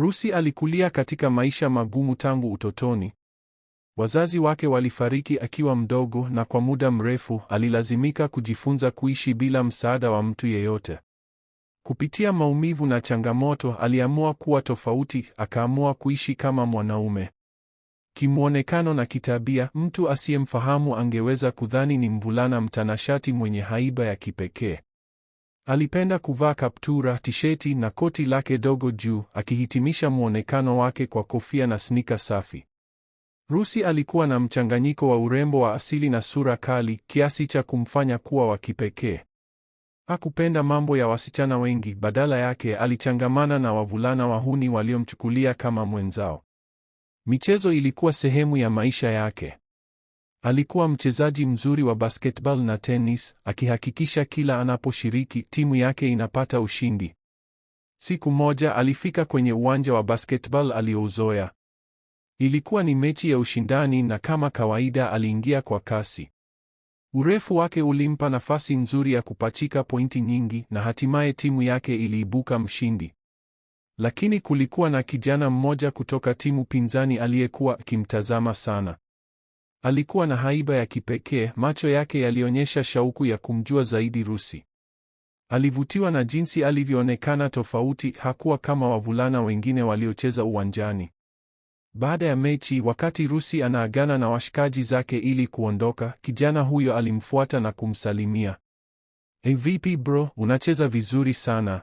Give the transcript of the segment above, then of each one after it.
Rusi alikulia katika maisha magumu tangu utotoni. Wazazi wake walifariki akiwa mdogo na kwa muda mrefu alilazimika kujifunza kuishi bila msaada wa mtu yeyote. Kupitia maumivu na changamoto, aliamua kuwa tofauti, akaamua kuishi kama mwanaume. Kimwonekano na kitabia, mtu asiyemfahamu angeweza kudhani ni mvulana mtanashati mwenye haiba ya kipekee. Alipenda kuvaa kaptura, tisheti na koti lake dogo juu, akihitimisha mwonekano wake kwa kofia na snika safi. Rusi alikuwa na mchanganyiko wa urembo wa asili na sura kali kiasi cha kumfanya kuwa wa kipekee. Hakupenda mambo ya wasichana wengi, badala yake alichangamana na wavulana wahuni waliomchukulia kama mwenzao. Michezo ilikuwa sehemu ya maisha yake. Alikuwa mchezaji mzuri wa basketball na tennis, akihakikisha kila anaposhiriki timu yake inapata ushindi. Siku moja alifika kwenye uwanja wa basketball aliyouzoea. Ilikuwa ni mechi ya ushindani na kama kawaida aliingia kwa kasi. Urefu wake ulimpa nafasi nzuri ya kupachika pointi nyingi na hatimaye timu yake iliibuka mshindi. Lakini kulikuwa na kijana mmoja kutoka timu pinzani aliyekuwa akimtazama sana. Alikuwa na haiba ya kipekee, macho yake yalionyesha shauku ya kumjua zaidi Rusi. Alivutiwa na jinsi alivyoonekana tofauti, hakuwa kama wavulana wengine waliocheza uwanjani. Baada ya mechi, wakati Rusi anaagana na washikaji zake ili kuondoka, kijana huyo alimfuata na kumsalimia. Hey, eh, vipi bro, unacheza vizuri sana.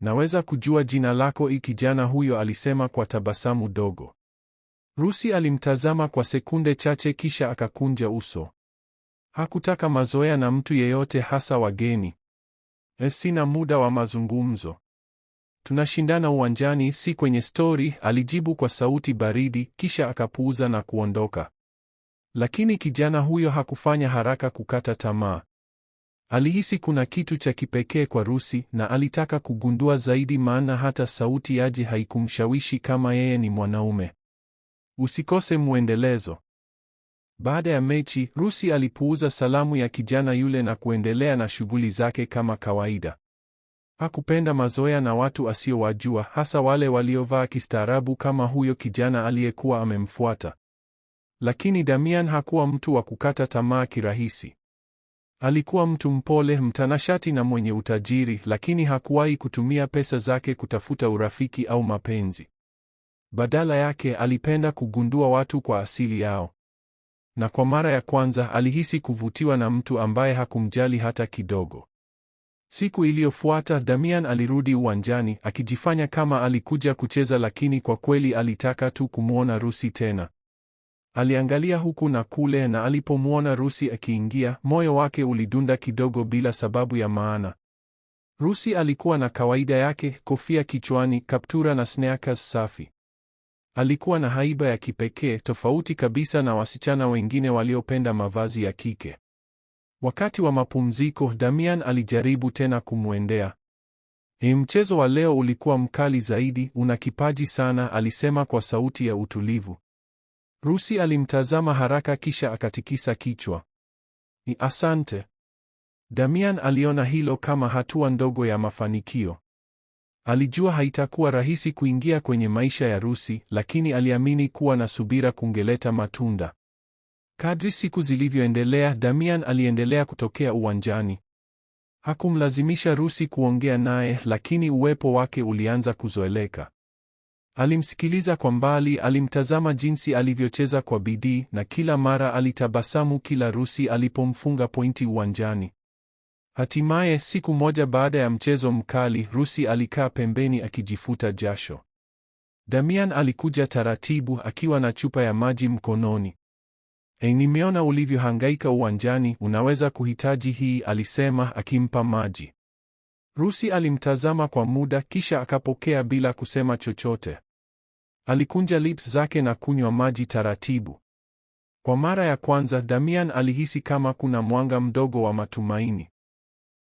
Naweza kujua jina lako? i kijana huyo alisema kwa tabasamu dogo. Rusi alimtazama kwa sekunde chache kisha akakunja uso. Hakutaka mazoea na mtu yeyote hasa wageni. E, sina muda wa mazungumzo. Tunashindana uwanjani, si kwenye stori, alijibu kwa sauti baridi, kisha akapuuza na kuondoka. Lakini kijana huyo hakufanya haraka kukata tamaa. Alihisi kuna kitu cha kipekee kwa Rusi na alitaka kugundua zaidi, maana hata sauti yaje haikumshawishi kama yeye ni mwanaume. Usikose muendelezo. Baada ya mechi, Rusi alipuuza salamu ya kijana yule na kuendelea na shughuli zake kama kawaida. Hakupenda mazoea na watu asiowajua hasa wale waliovaa kistaarabu kama huyo kijana aliyekuwa amemfuata. Lakini Damian hakuwa mtu wa kukata tamaa kirahisi. Alikuwa mtu mpole, mtanashati na mwenye utajiri, lakini hakuwahi kutumia pesa zake kutafuta urafiki au mapenzi. Badala yake alipenda kugundua watu kwa asili yao, na kwa mara ya kwanza alihisi kuvutiwa na mtu ambaye hakumjali hata kidogo. Siku iliyofuata Damian alirudi uwanjani akijifanya kama alikuja kucheza, lakini kwa kweli alitaka tu kumwona Rusi tena. Aliangalia huku na kule, na alipomwona Rusi akiingia, moyo wake ulidunda kidogo bila sababu ya maana. Rusi alikuwa na kawaida yake, kofia kichwani, kaptura na sneakers safi. Alikuwa na haiba ya kipekee, tofauti kabisa na wasichana wengine waliopenda mavazi ya kike. Wakati wa mapumziko, Damian alijaribu tena kumwendea. Ni e, mchezo wa leo ulikuwa mkali zaidi, una kipaji sana, alisema kwa sauti ya utulivu. Rusi alimtazama haraka kisha akatikisa kichwa. Ni e, asante. Damian aliona hilo kama hatua ndogo ya mafanikio. Alijua haitakuwa rahisi kuingia kwenye maisha ya Rusi, lakini aliamini kuwa na subira kungeleta matunda. Kadri siku zilivyoendelea, Damian aliendelea kutokea uwanjani. Hakumlazimisha Rusi kuongea naye, lakini uwepo wake ulianza kuzoeleka. Alimsikiliza kwa mbali, alimtazama jinsi alivyocheza kwa bidii, na kila mara alitabasamu kila Rusi alipomfunga pointi uwanjani. Hatimaye, siku moja baada ya mchezo mkali, Rusi alikaa pembeni akijifuta jasho. Damian alikuja taratibu akiwa na chupa ya maji mkononi. E, nimeona ulivyohangaika uwanjani, unaweza kuhitaji hii, alisema akimpa maji. Rusi alimtazama kwa muda kisha akapokea bila kusema chochote. Alikunja lips zake na kunywa maji taratibu. Kwa mara ya kwanza Damian alihisi kama kuna mwanga mdogo wa matumaini.